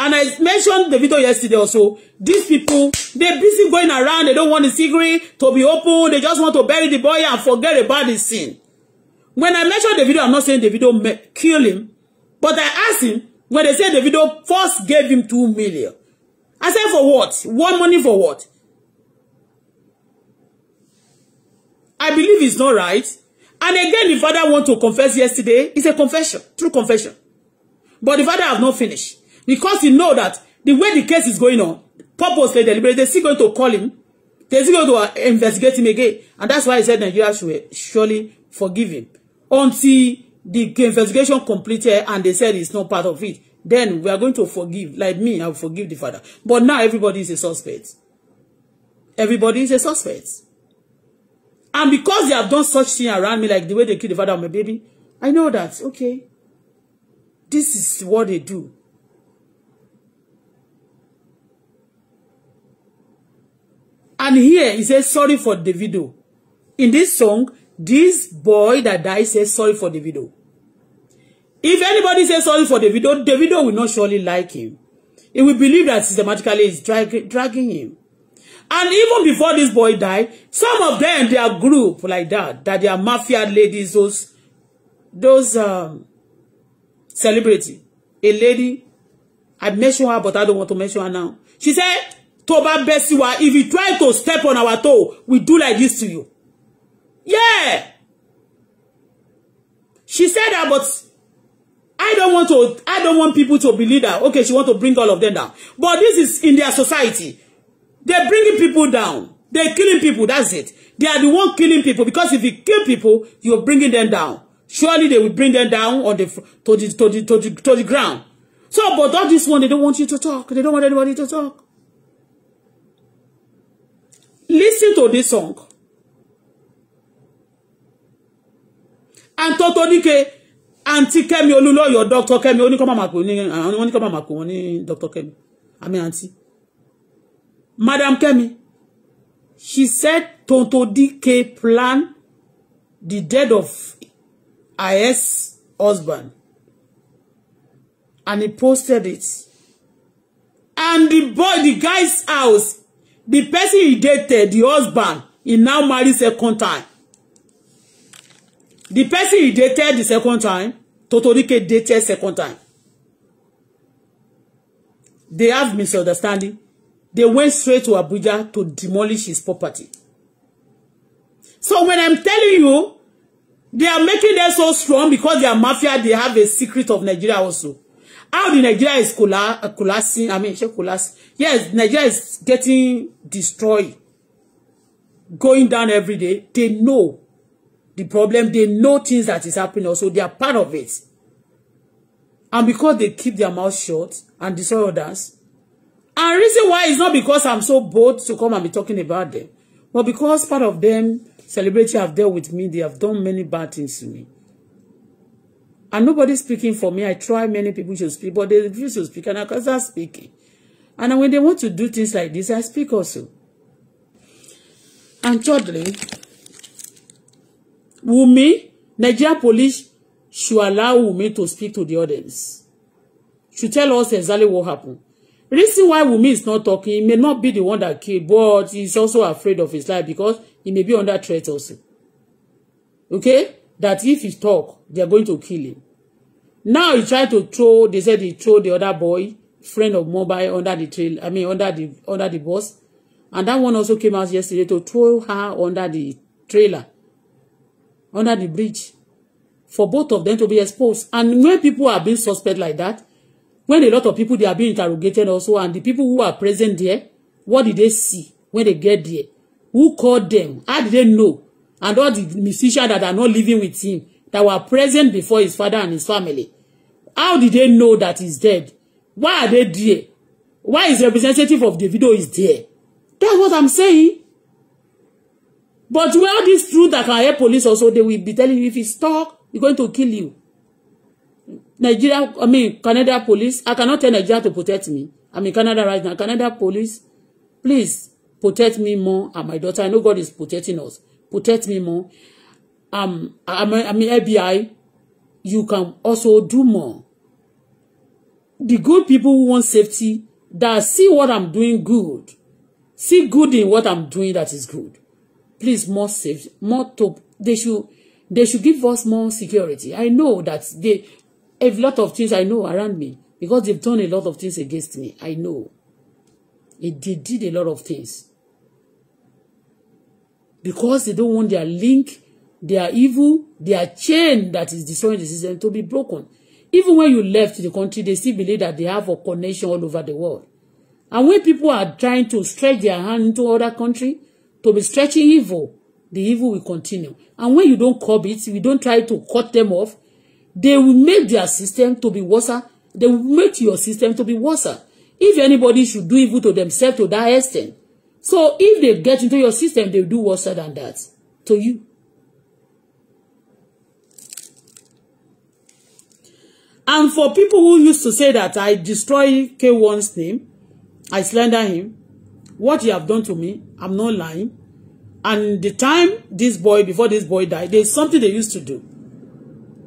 And I mentioned the video yesterday also. These people, they busy going around. They don't want the secret to be open. They just want to bury the boy and forget about the sin. When I mentioned the video, I'm not saying the video kill him. But I asked him, when they said the video first gave him two million. I said, for what? One money for what? I believe it's not right. And again, the father want to confess yesterday. It's a confession, true confession. But the father has not finished because he know that the way the case is going on, purposely, deliberately, they're still going to call him. They're still going to uh, investigate him again. And that's why he said Nigeria should eh, surely forgive him. Until the investigation completed and they said it's not part of it, then we are going to forgive. Like me, I will forgive the father. But now everybody is a suspect. Everybody is a suspect. And because they have done such thing around me, like the way they killed the father of my baby, I know that, okay, This is what they do. And here he says sorry for Davido. Oh. In this song, this boy that died says sorry for Davido. Oh. If anybody says sorry for Davido, oh, Davido will not surely like him. He will believe that systematically is drag dragging him. And even before this boy died, some of them, their group like that, that their mafia ladies, those, those, um, celebrity, a lady. I mentioned her, but I don't want to mention her now. She said, Toba Bessiwa, if you try to step on our toe, we do like this to you. Yeah. She said that, but I don't want to, I don't want people to believe that, okay, she want to bring all of them down. But this is in their society. They're bringing people down. They're killing people, that's it. They are the one killing people because if you kill people, you're bringing them down. Surely they will bring them down on the to the to the to the, to the ground. So, but all this one, they don't want you to talk. They don't want anybody to talk. Listen to this song. And Totonike, Auntie Kemi your doctor Kemi, Only come mako, only koma mako, oni doctor Kemi. I mean, Auntie. Madam Kemi, she said Totonike plan the death of Is husband And he posted it. And the boy, the guy's house, the person he dated, the husband, he now married second time. The person he dated the second time, Totorike dated second time. They have misunderstanding. They went straight to Abuja to demolish his property. So when I'm telling you, They are making them so strong because they are mafia. They have a secret of Nigeria also. How the Nigeria is uh, collapsing. I mean, collapsing. Yes, Nigeria is getting destroyed. Going down every day. They know the problem. They know things that is happening also. They are part of it. And because they keep their mouth shut and destroy others. And reason why is not because I'm so bold to come and be talking about them. But because part of them celebrity have dealt with me. They have done many bad things to me. And nobody's speaking for me. I try many people to speak, but they refuse to speak, and I can't start speaking. And when they want to do things like this, I speak also. And thirdly, Wumi, Nigeria police should allow Wumi to speak to the audience. Should tell us exactly what happened. Reason why Wumi is not talking, he may not be the one that killed, but he's also afraid of his life because he may be under threat also. Okay? That if he talk, they are going to kill him. Now he tried to throw, they said he throw the other boy, friend of Mobile, under the trail, I mean under the under the bus. And that one also came out yesterday to throw her under the trailer, under the bridge, for both of them to be exposed. And when people are being suspect like that, when a lot of people they are being interrogated also, and the people who are present there, what did they see when they get there? who called them how did they know and all the musicians that are not living with him that were present before his father and his family how did they know that he's dead why are they there why is representative of Davido is there that's what I'm saying but where this truth that can help police also they will be telling you if he's talk he's going to kill you Nigeria I mean Canada police I cannot tell Nigeria to protect me I'm in Canada right now Canada police please protect me more and my daughter. I know God is protecting us. Protect me more. Um, I mean, I FBI, you can also do more. The good people who want safety, that see what I'm doing good. See good in what I'm doing that is good. Please, more safety, more top. They should, they should give us more security. I know that they, have a lot of things I know around me because they've done a lot of things against me. I know. they did a lot of things because they don't want their link, their evil, their chain that is destroying the system to be broken. Even when you left the country, they still believe that they have a connection all over the world. And when people are trying to stretch their hand into other country to be stretching evil, the evil will continue. And when you don't curb it, you don't try to cut them off, they will make their system to be worse. They will make your system to be worse. If anybody should do evil to themselves to that extent, So if they get into your system, they do worse than that to you. And for people who used to say that I destroy K1's name, I slander him, what you have done to me, I'm not lying. And the time this boy, before this boy died, there's something they used to do.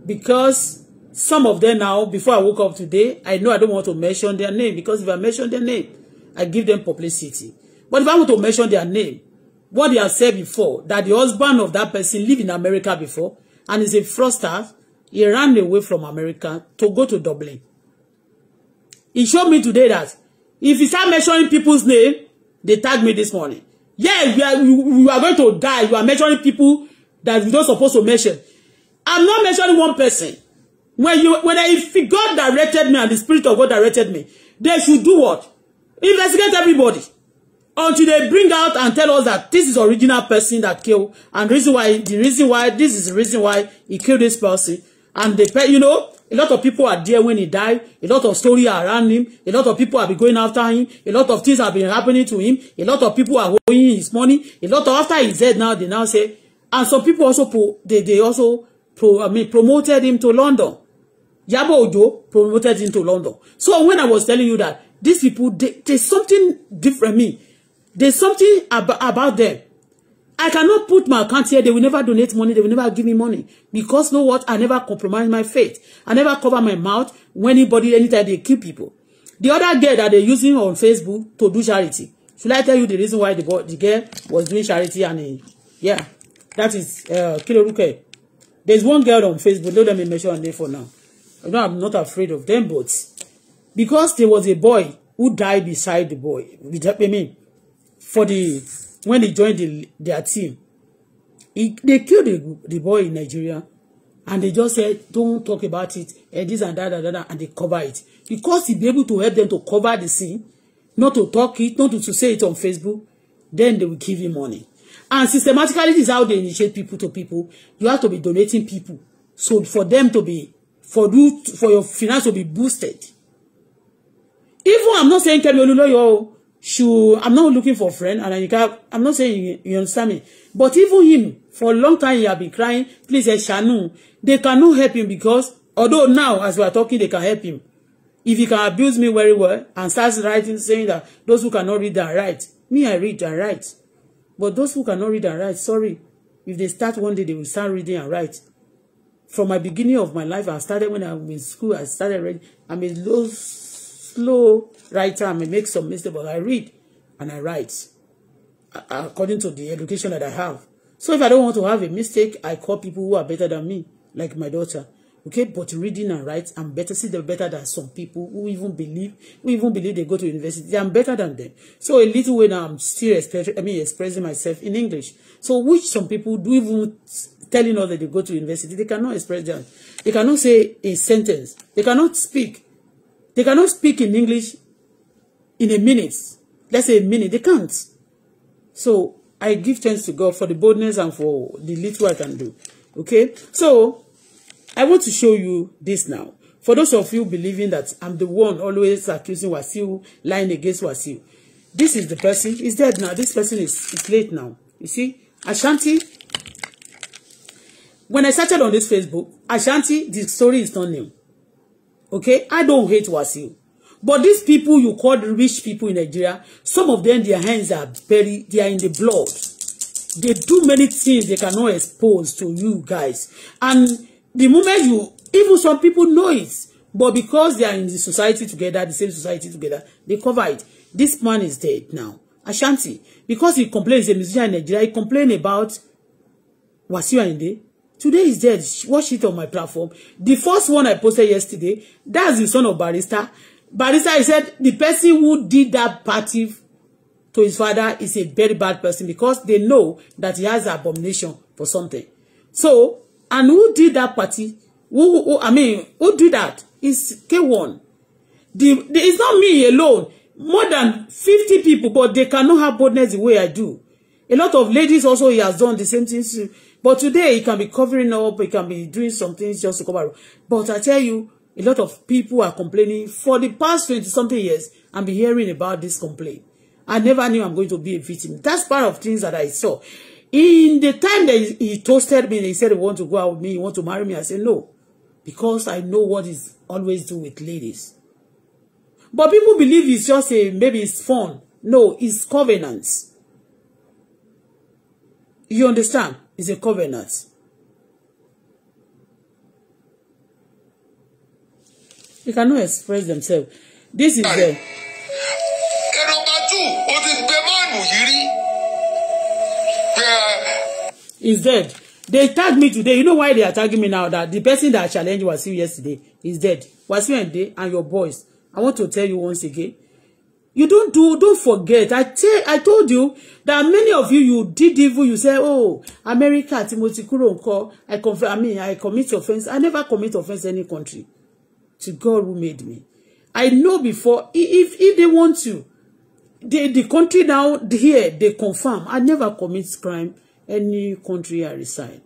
Because some of them now, before I woke up today, I know I don't want to mention their name because if I mention their name, I give them publicity. But if I want to mention their name, what they have said before, that the husband of that person lived in America before, and is a fraudster, he ran away from America to go to Dublin. He showed me today that if you start mentioning people's name, they tagged me this morning. Yeah, we are, are going to die. You are mentioning people that you're not supposed to mention. I'm not mentioning one person. When you when I, if God directed me and the Spirit of God directed me, they should do what? Investigate everybody until they bring out and tell us that this is original person that killed and reason why the reason why this is the reason why he killed this person and they pay you know a lot of people are there when he died a lot of story around him a lot of people have been going after him a lot of things have been happening to him a lot of people are holding his money a lot of after he's dead now they now say and some people also pro they they also pro I mean promoted him to London Yabo Ojo promoted him to London so when I was telling you that these people they, they something different me There's something ab about them. I cannot put my account here. They will never donate money. They will never give me money. Because know what? I never compromise my faith. I never cover my mouth when anybody, anytime they kill people. The other girl that they're using on Facebook to do charity. Should I tell you the reason why the, boy, the girl was doing charity and uh, yeah, that is uh, Kiloruke. There's one girl on Facebook. Don't let me mention her name for now. I know I'm not afraid of them, but because there was a boy who died beside the boy, I mean, for the when he joined the, their team. He, they killed the, the boy in Nigeria and they just said, don't talk about it, and this and that, and that, and they cover it. Because he be able to help them to cover the scene, not to talk it, not to, to say it on Facebook, then they will give him money. And systematically, this is how they initiate people to people. You have to be donating people. So for them to be, for do for your finance to be boosted. Even I'm not saying tell me Kemi Oluloyo, should i'm not looking for friend and Yinka i'm not saying you, you understand me but even him for a long time he have been crying please eshanu eh, they cannot help him because although now as we are talking they can help him if he can abuse me very well and starts writing saying that those who cannot read and write me i read and write but those who cannot read and write sorry if they start one day they will start reading and write from my beginning of my life i started when i was in school i started reading i'm a low slow writer. I may make some mistake, but I read and I write uh, according to the education that I have. So if I don't want to have a mistake, I call people who are better than me, like my daughter. Okay, but reading and write, I'm better, see they're better than some people who even believe, who even believe they go to university. I'm better than them. So a little way now, I'm still expressing, I mean, expressing myself in English. So which some people do even telling us that they go to university, they cannot express that. They cannot say a sentence. They cannot speak. They cannot speak in English in a minute. Let's say a minute. They can't. So I give thanks to God for the boldness and for the little I can do. Okay? So I want to show you this now. For those of you believing that I'm the one always accusing Wasiu, lying against Wasiu. This is the person. He's dead now. This person is, is late now. You see? Ashanti. When I started on this Facebook, Ashanti, the story is not new. Okay? I don't hate Wasiu. But these people you call the rich people in Nigeria, some of them, their hands are very, they are in the blood. They do many things they cannot expose to you guys. And the moment you, even some people know it, but because they are in the society together, the same society together, they cover it. This man is dead now. Ashanti, because he complains, he's a musician in Nigeria, he complained about Wasiu Ainde. Today is dead. Watch it on my platform. The first one I posted yesterday, that's the son of Barrister. Barrister, he said, the person who did that party to his father is a very bad person because they know that he has abomination for something. So, and who did that party? Who, who I mean, who did that? Is K1. The, the, it's not me alone. More than 50 people, but they cannot have boldness the way I do. A lot of ladies also, he has done the same thing. But today he can be covering up, he can be doing some things just to cover up. But I tell you, a lot of people are complaining for the past 20 something years. I'm be hearing about this complaint. I never knew I'm going to be a victim. That's part of things that I saw. In the time that he toasted me, he said he want to go out with me, he want to marry me. I said no, because I know what he's always do with ladies. But people believe it's just a maybe it's fun. No, it's covenants. You understand? Is a covenant. They cannot express themselves. This is the. He's dead. They tagged me today. You know why they are tagging me now? That the person that I challenged was Wasiu yesterday is dead. Was Wasiu and they and your boys. I want to tell you once again you don't do don't forget i tell i told you that many of you you did evil you say oh america tí mo i confess i mean i commit offence i never commit offence any country to god who made me i know before if if they want you the the country now here they confirm i never commit crime any country i reside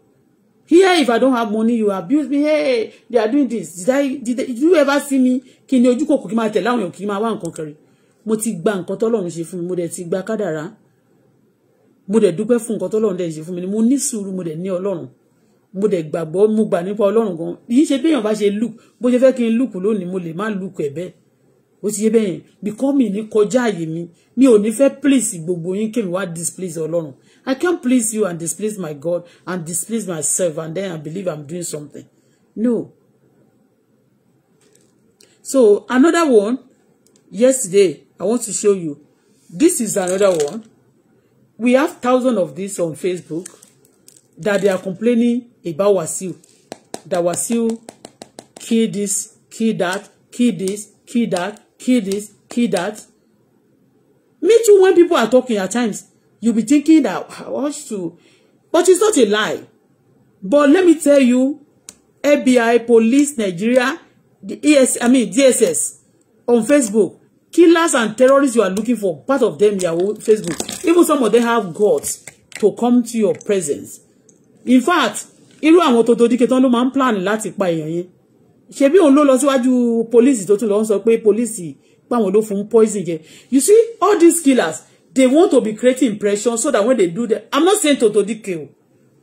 here if i don't have money you abuse me hey they are doing this did i did, they, did you ever see me kí ni ojú kòkò kí n máa tẹ̀lé àwọn èèyàn kí n máa mo ti gba nǹkan tọ́lọ́run ṣe fún mi mo dẹ̀ ti gba kádàrá mo dẹ̀ dúpẹ́ fún nǹkan tọ́lọ́run dẹ̀ ṣe fún mi ni mo ní sùúrù mo dẹ̀ ní ọlọ́run mo dẹ̀ gbàgbọ́ mo gbà nípa ọlọ́run gan yìí ṣe béèyàn bá ṣe lùk bó ṣe fẹ́ kí n lùk lónìí mo lè má lùk ẹ̀ bẹ́ẹ̀ ó ti yé bẹ́yẹn bìkọ́ mi ní kọjá àyè mi mi ò ní fẹ́ please gbogbo yín kí mi wá displease ọlọ́run I can't please you and displease my God and displease myself and then I believe I'm doing something no so another one yesterday I want to show you. This is another one. We have thousands of this on Facebook that they are complaining about Wasiu. That Wasiu kill this, kill that, kill this, kill that, kill this, kill that. Me too, when people are talking at times, you'll be thinking that, I want to... But it's not a lie. But let me tell you, FBI, Police Nigeria, the ES, I mean DSS, on Facebook, killers and terrorists you are looking for part of them their Facebook even some of them have guts to come to your presence in fact irú àwọn tòtòdíkẹ tán ló máa ń plan láti pa èèyàn yẹn ṣebí òun ló lọ síwájú pólísì tó tún lọ ń sọ pé pólísì páwọn ló fún poison jẹ you see all these killers they want to be creating impression so that when they do that i'm not saying tòtòdíkẹ o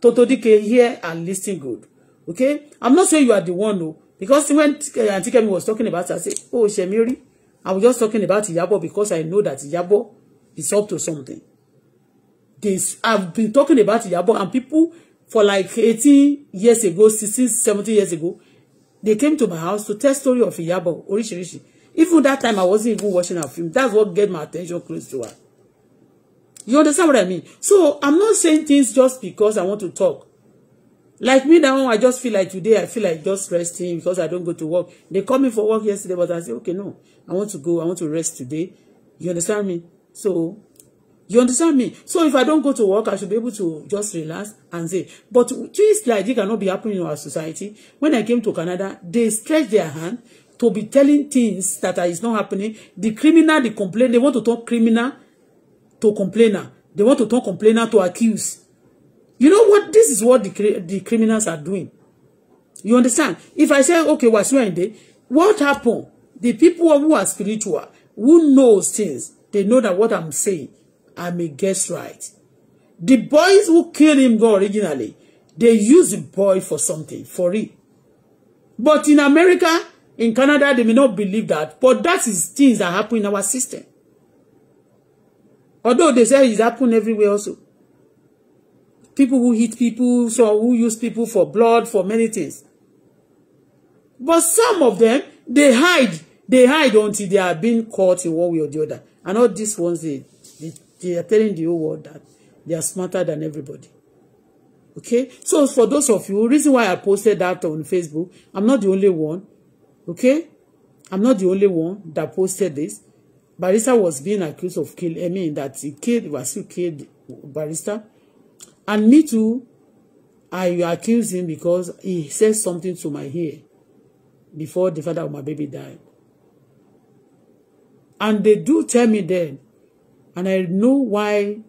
tòtòdíkẹ here and listen good okay i'm not saying you are the one o because when uh, kemi was talking about it i say oh ṣẹmi rí I'm just talking about Iyabo because I know that Iyabo is up to something. This I've been talking about Iyabo and people for like 18 years ago, 16, 17 years ago, they came to my house to tell story of Iyabo, Oríṣiríṣi. Even that time, I wasn't even watching her film. That's what get my attention close to her. You understand what I mean? So I'm not saying things just because I want to talk. Like me now, I just feel like today I feel like just resting because I don't go to work. They called me for work yesterday, but I said, okay, no, I want to go. I want to rest today. You understand me? So, you understand me? So if I don't go to work, I should be able to just relax and say. But things like this cannot be happening in our society. When I came to Canada, they stretch their hand to be telling things that is not happening. The criminal, the complain, they want to turn criminal to complainer. They want to turn complainer to accuse. You know what? This is what the, the criminals are doing. You understand? If I say, okay, what's wrong Wednesday? What happened? The people who are spiritual, who knows things, they know that what I'm saying, I may guess right. The boys who killed him go originally, they use the boy for something, for it. But in America, in Canada, they may not believe that. But that is things that happen in our system. Although they say it's happened everywhere also people who hit people, some who use people for blood, for many things. But some of them, they hide. They hide until they are being caught in one way or the other. And all these ones, they, they, they are telling the whole world that they are smarter than everybody. Okay? So for those of you, reason why I posted that on Facebook, I'm not the only one. Okay? I'm not the only one that posted this. Barrister was being accused of killing, I mean, that he killed, was he killed Barrister. And me too, I accuse him because he said something to my ear before the father of my baby died. And they do tell me then, and I know why,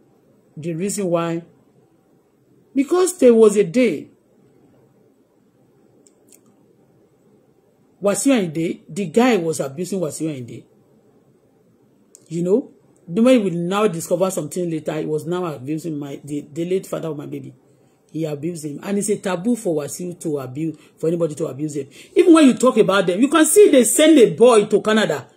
the reason why. Because there was a day, Wasiu Ayinde, the guy was abusing Wasiu Ayinde. You know? The Dume will now discover something later. He was now abusing my the, the late father of my baby. He abused him. And it's a taboo for Wasiu to abuse, for anybody to abuse him. Even when you talk about them, you can see they send a boy to Canada.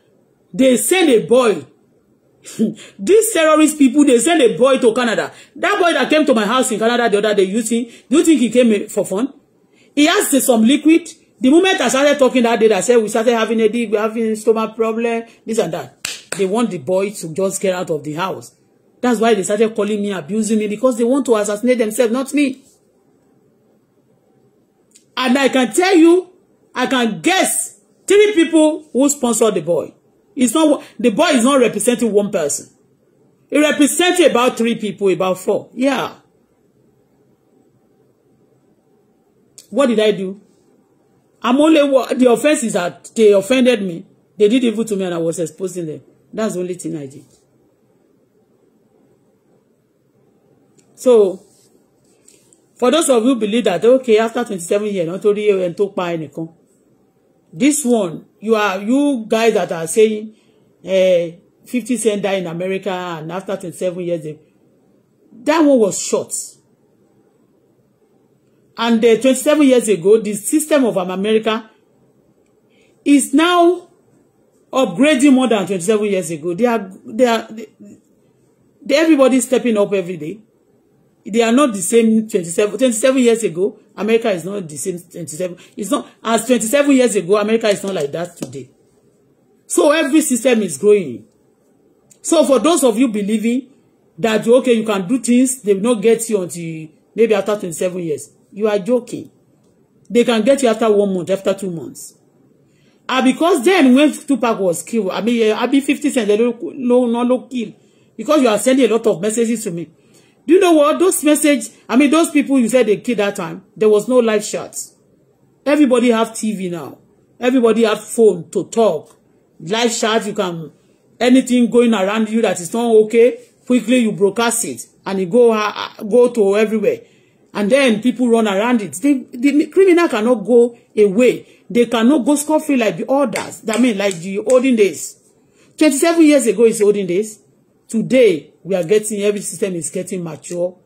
They send a boy. These terrorist people, they send a boy to Canada. That boy that came to my house in Canada the other day, you think, do you think he came for fun? He asked some liquid. The moment I started talking that day, I said, we started having a deep, having stomach problem, this and that they want the boy to just get out of the house. That's why they started calling me, abusing me, because they want to assassinate themselves, not me. And I can tell you, I can guess three people who sponsored the boy. It's not the boy is not representing one person. It represents about three people, about four. Yeah. What did I do? I'm only the offense is that they offended me. They did evil to me and I was exposing them that's the only thing I did so for those of you believe that okay after twenty-seven years náà torí ẹni tó pa ẹnìkan this one you are you guys that are saying eh, fifty eh, cent die in America and after twenty-seven years they that one was short and uh, twenty-seven years ago the system of America is now upgrading more than 27 years ago. They are, they are, they, they, everybody stepping up every day. They are not the same 27, 27 years ago. America is not the same 27. It's not, as 27 years ago, America is not like that today. So every system is growing. So for those of you believing that, okay, you can do things, they will not get you until maybe after 27 years. You are joking. They can get you after one month, after two months ah because then when Tupac was killed i mean uh, i be fifty cent ló no no kill because you are sending a lot of messages to me do you know what those messages? i mean those people you said they killed that time there was no live shots everybody have tv now everybody have phone to talk live chat you can anything going around you that is not okay quickly you broadcast it and you go uh, go to everywhere and then people run around it they, the criminal cannot go away They cannot go scot free like the others. That means like the olden days. 27 years ago is olden days. Today, we are getting, every system is getting mature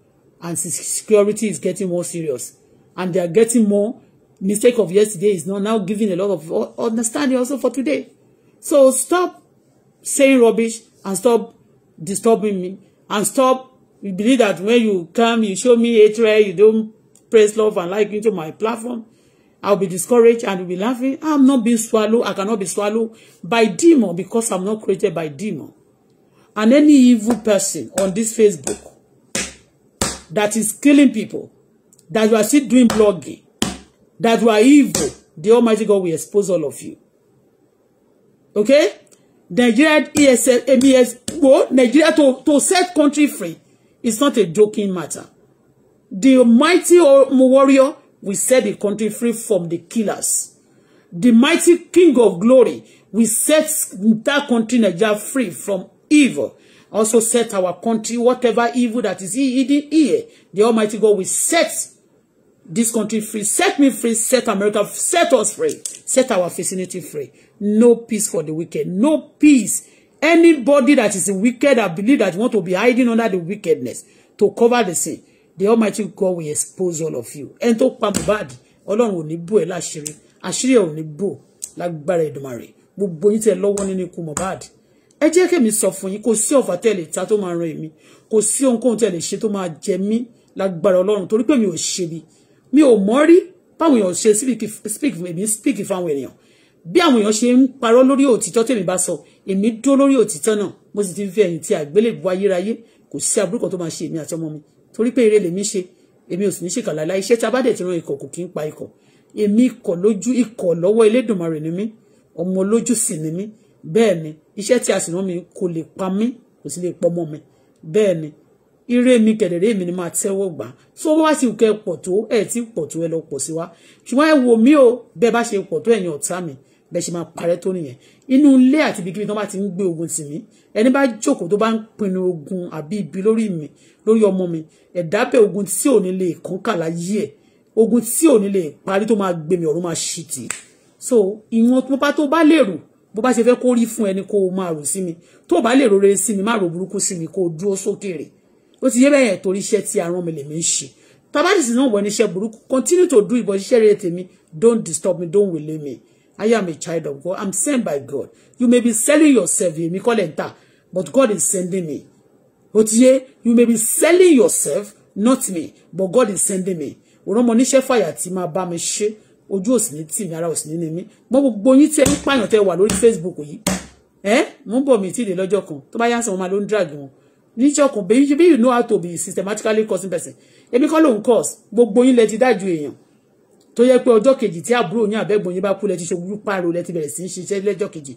and security is getting more serious. And they are getting more, mistake of yesterday is not now giving a lot of understanding also for today. So stop saying rubbish and stop disturbing me and stop you believe that when you come you show me hatred you don't press love and like into my platform I'll be discouraged and will be laughing. I'm not being swallowed. I cannot be swallowed by demon because I'm not created by demon. And any evil person on this Facebook that is killing people, that you are still doing blogging, that you are evil, the Almighty God will expose all of you. Okay? Nigeria ESL, ABS, e well, Nigeria to, to set country free is not a joking matter. The mighty oh, warrior we set the country free from the killers. The mighty King of glory, we set that country Nigeria free from evil. Also set our country, whatever evil that is hidden here, the Almighty God will set this country free. Set me free, set America, set us free, set our vicinity free. No peace for the wicked, no peace. Anybody that is wicked, I believe that want to be hiding under the wickedness to cover the sin the almighty God will expose all of you ẹni tó pa Mohbad ọlọ́run ò ní bò ẹ́ láṣìírí àṣírí ẹ̀ ò ní bò lágbára Èdùmàrè gbogbo yín tẹ́ lọ́wọ́ nínú ikú Mohbad ẹ jẹ́ kèmi sọ fún yín kò sí ọ̀fà tẹ́ lè ta tó máa ran èmi kò sí ohunkóhun tẹ́ lè ṣe tó máa jẹ mí lágbára ọlọ́run torí pé mi ò ṣe ni mi o mọ̀ rí báwọn èèyàn ṣe speak èmi speak fáwọn èèyàn bí àwọn èèyàn ṣe ń parọ́ lórí òtítọ́ baso bá sọ èmi dúró lórí òtítọ́ náà mo sì ti fi ẹ̀yìn ti àgbélébùú ayérayé kò sí àbúrò kan tó máa ṣe èmi àti ọmọ mi torí pé eré lèmi ṣe èmi ò sì ní ṣèkà láìláì iṣẹ́ tí a bá dẹ̀ ti ran ikọ̀ kò kí ń pa ikọ̀ èmi ikọ̀ lójú ikọ̀ lọ́wọ́ Elédùmarè ni mí ọmọ lójú sì ni mí bẹ́ẹ̀ ni iṣẹ́ tí a sì rán mi kò lè pa mí kò sì lè pọmọ mi bẹ́ẹ̀ ni ire mi kẹ̀dẹ̀rẹ́ mi ni máa tẹ́wọ́ gbà tí wọ́n bá ti kẹ́ pọ̀ tó ẹ̀ tí pọ̀ tó ẹ lọ pọ̀ sí wa ṣùgbọ́n ẹ wò mí o bẹ́ẹ̀ bá ṣe pọ̀ tó ẹ̀yin ọ̀tá mi bẹ́ẹ̀ ṣe máa parẹ́ tó nìyẹn inú ilé àti ibikíbi tí wọ́n bá ti ń gbé ogun tì mí ẹni bá jókòó tó bá ń pinnu ogun àbí ibi lórí mi lórí ọmọ mi ẹ̀dá bẹ́ẹ̀ ogun tí ò ní lè kọ́ńkà láyé ẹ̀ ogun tí ò ní lè parí tó máa gbé mi ọ̀run máa ṣì tì so ìwọ̀n tó bá tó bá lérò bó bá ṣe fẹ́ kó rí fún ẹni kó o máa rò sí mi tó o bá lè rore sí mi má rò burúkú sí mi kó o dúró sókè rè ó ti yé bẹ́ẹ̀ torí iṣẹ́ tí arán mi lè mi ń ṣe tábàdìsí náà wọ ní iṣẹ́ burúkú continue to do ìbọn iṣẹ́ rere tèmi don't disturb me don't relay me I am a child of God. I'm sent by God. You may be selling yourself, you may call enter, but God is sending me. But yeah, you may be selling yourself, not me, but God is sending me. Òrọ́mọ oníṣẹ́ fàyà tí máa bá mi ṣe, ojú òsì ní tì mí, ara òsì ní ní mí. Mo gbogbo yín tẹ́ ń pààyàn tẹ́ wà lórí Facebook yìí. Ẹ́ mo ń bọ̀ mí tí ìdè lọ́jọ́ kan to bá yá sọ wọn máa ló ń drag wọn. Níjọ́ kan bí you know how to be systematically causing person. Èmi kọ́ ló ń cause, gbogbo yín lẹ ti dájú èèyàn tó yẹ pé ọjọ́ kejì tí àbúrò yín àbẹ́gbọ̀n yín bá kú lẹ́tí ṣogun páàrò lẹ́tí bẹ̀rẹ̀ sí í ṣiṣẹ́ lẹ́jọ́ kejì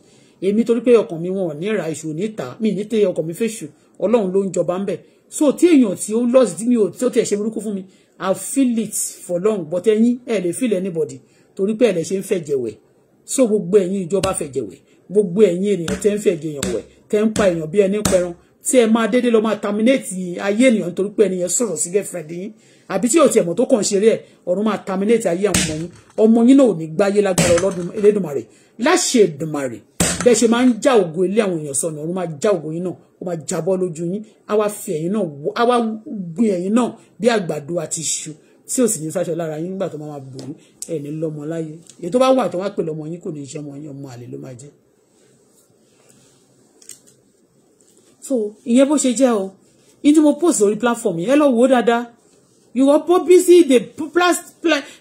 èmi torí pé ọkàn mi wọn ò ní ra èṣù níta mi ní tẹ ọkàn mi fèṣù ọlọ́run ló ń jọba ń bẹ̀ so tí èèyàn tí ó ń lọ́ọ̀sì tí mi ò tó tiẹ̀ ṣe burúkú fún mi i feel it for long but ẹ̀yin ẹ̀ lè feel anybody torí pé ẹ̀ lè ṣe ń fẹ́ jẹ̀wẹ̀ so gbogbo ẹ̀yin ìjọba fẹ́ jẹ̀wẹ̀ gbogbo ẹ̀yin ènìyàn tẹ́ ń fẹ́ jẹ̀yàn wẹ̀ tẹ́ ń pa èèyàn bí ẹni pẹran tí ẹ máa dédé lọ máa terminate ayé ènìyàn nítorí pé ènìyàn sọ̀rọ̀ si girlfriend yín àbí tí òtí ẹ̀mọ́ tó kàn ṣeré ẹ̀ ọ̀run máa terminate aye àwọn ọmọ yín ọmọ yín náà ò ní gbáyé lágbára ọlọ́dún elédùnmarè láṣẹ Èdùmàrè bẹ́ẹ̀ ṣe máa ń já ògo ilé àwọn èèyàn sọnù ọ̀run máa já ògo yín náà ó máa jábọ́ lójú yín á wá fi ẹ̀yìn náà á wá gbin ẹ̀yìn náà bí àgbàdo àti iṣu tí ò sì ní sáṣọ lára yín nígbà tó máa bò ó ẹ̀ ní lọ́mọ láyé èyí tó bá wà tó wá pè lọ́mọ yín kò ní í ṣe ọmọ yín ọmọ àlè ló so ìyẹn bó ṣe jẹ́ o yín tí mo post lórí platform yẹn lọ wò ó dáadáa you go pop busy they place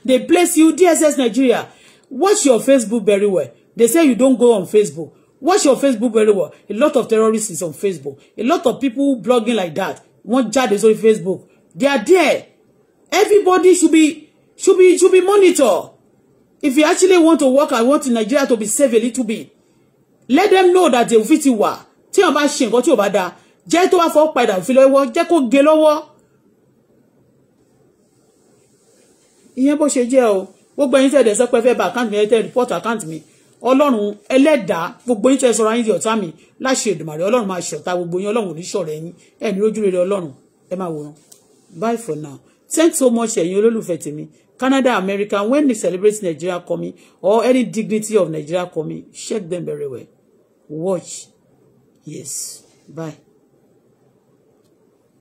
they place you DSS Nigeria watch your Facebook very well they say you don go on Facebook watch your Facebook very well a lot of terrorists is on Facebook a lot of people blogging like that wọ́n jáde sórí Facebook they are there everybody should be should be should be monitor. if you actually want to work and want Nigeria to be safe a little bit let them know that they fit wa tí wọ́n bá ṣe nǹkan tí ò bá dáa jẹ́ tó bá fọ́ padà fi lọ́wọ́ jẹ́ kó gé lọ́wọ́ ìyẹn bó ṣe jẹ́ o gbogbo ẹ̀yin tẹ̀dẹ̀ sọ pé fẹ́ bá àkáǹtì mi ẹ̀ tẹ̀ rìpọ́tù àkáǹtì mi ọlọ́run ẹlẹ́dàá gbogbo yín tẹ̀ sọ̀rọ̀ ayé di mi láṣẹ Èdùmàrè ọlọ́run máa ṣọ̀tá gbogbo yín ọlọ́run ní ṣọ̀rẹ́ yín ẹ̀ ní lójú rere ọlọ́run ẹ máa wòran bye for now thanks so much ẹ̀yin olólùfẹ́ tèmi Canada America when they celebrate Nigeria coming or any dignity of Nigeria coming check them very well watch Yes. Bye.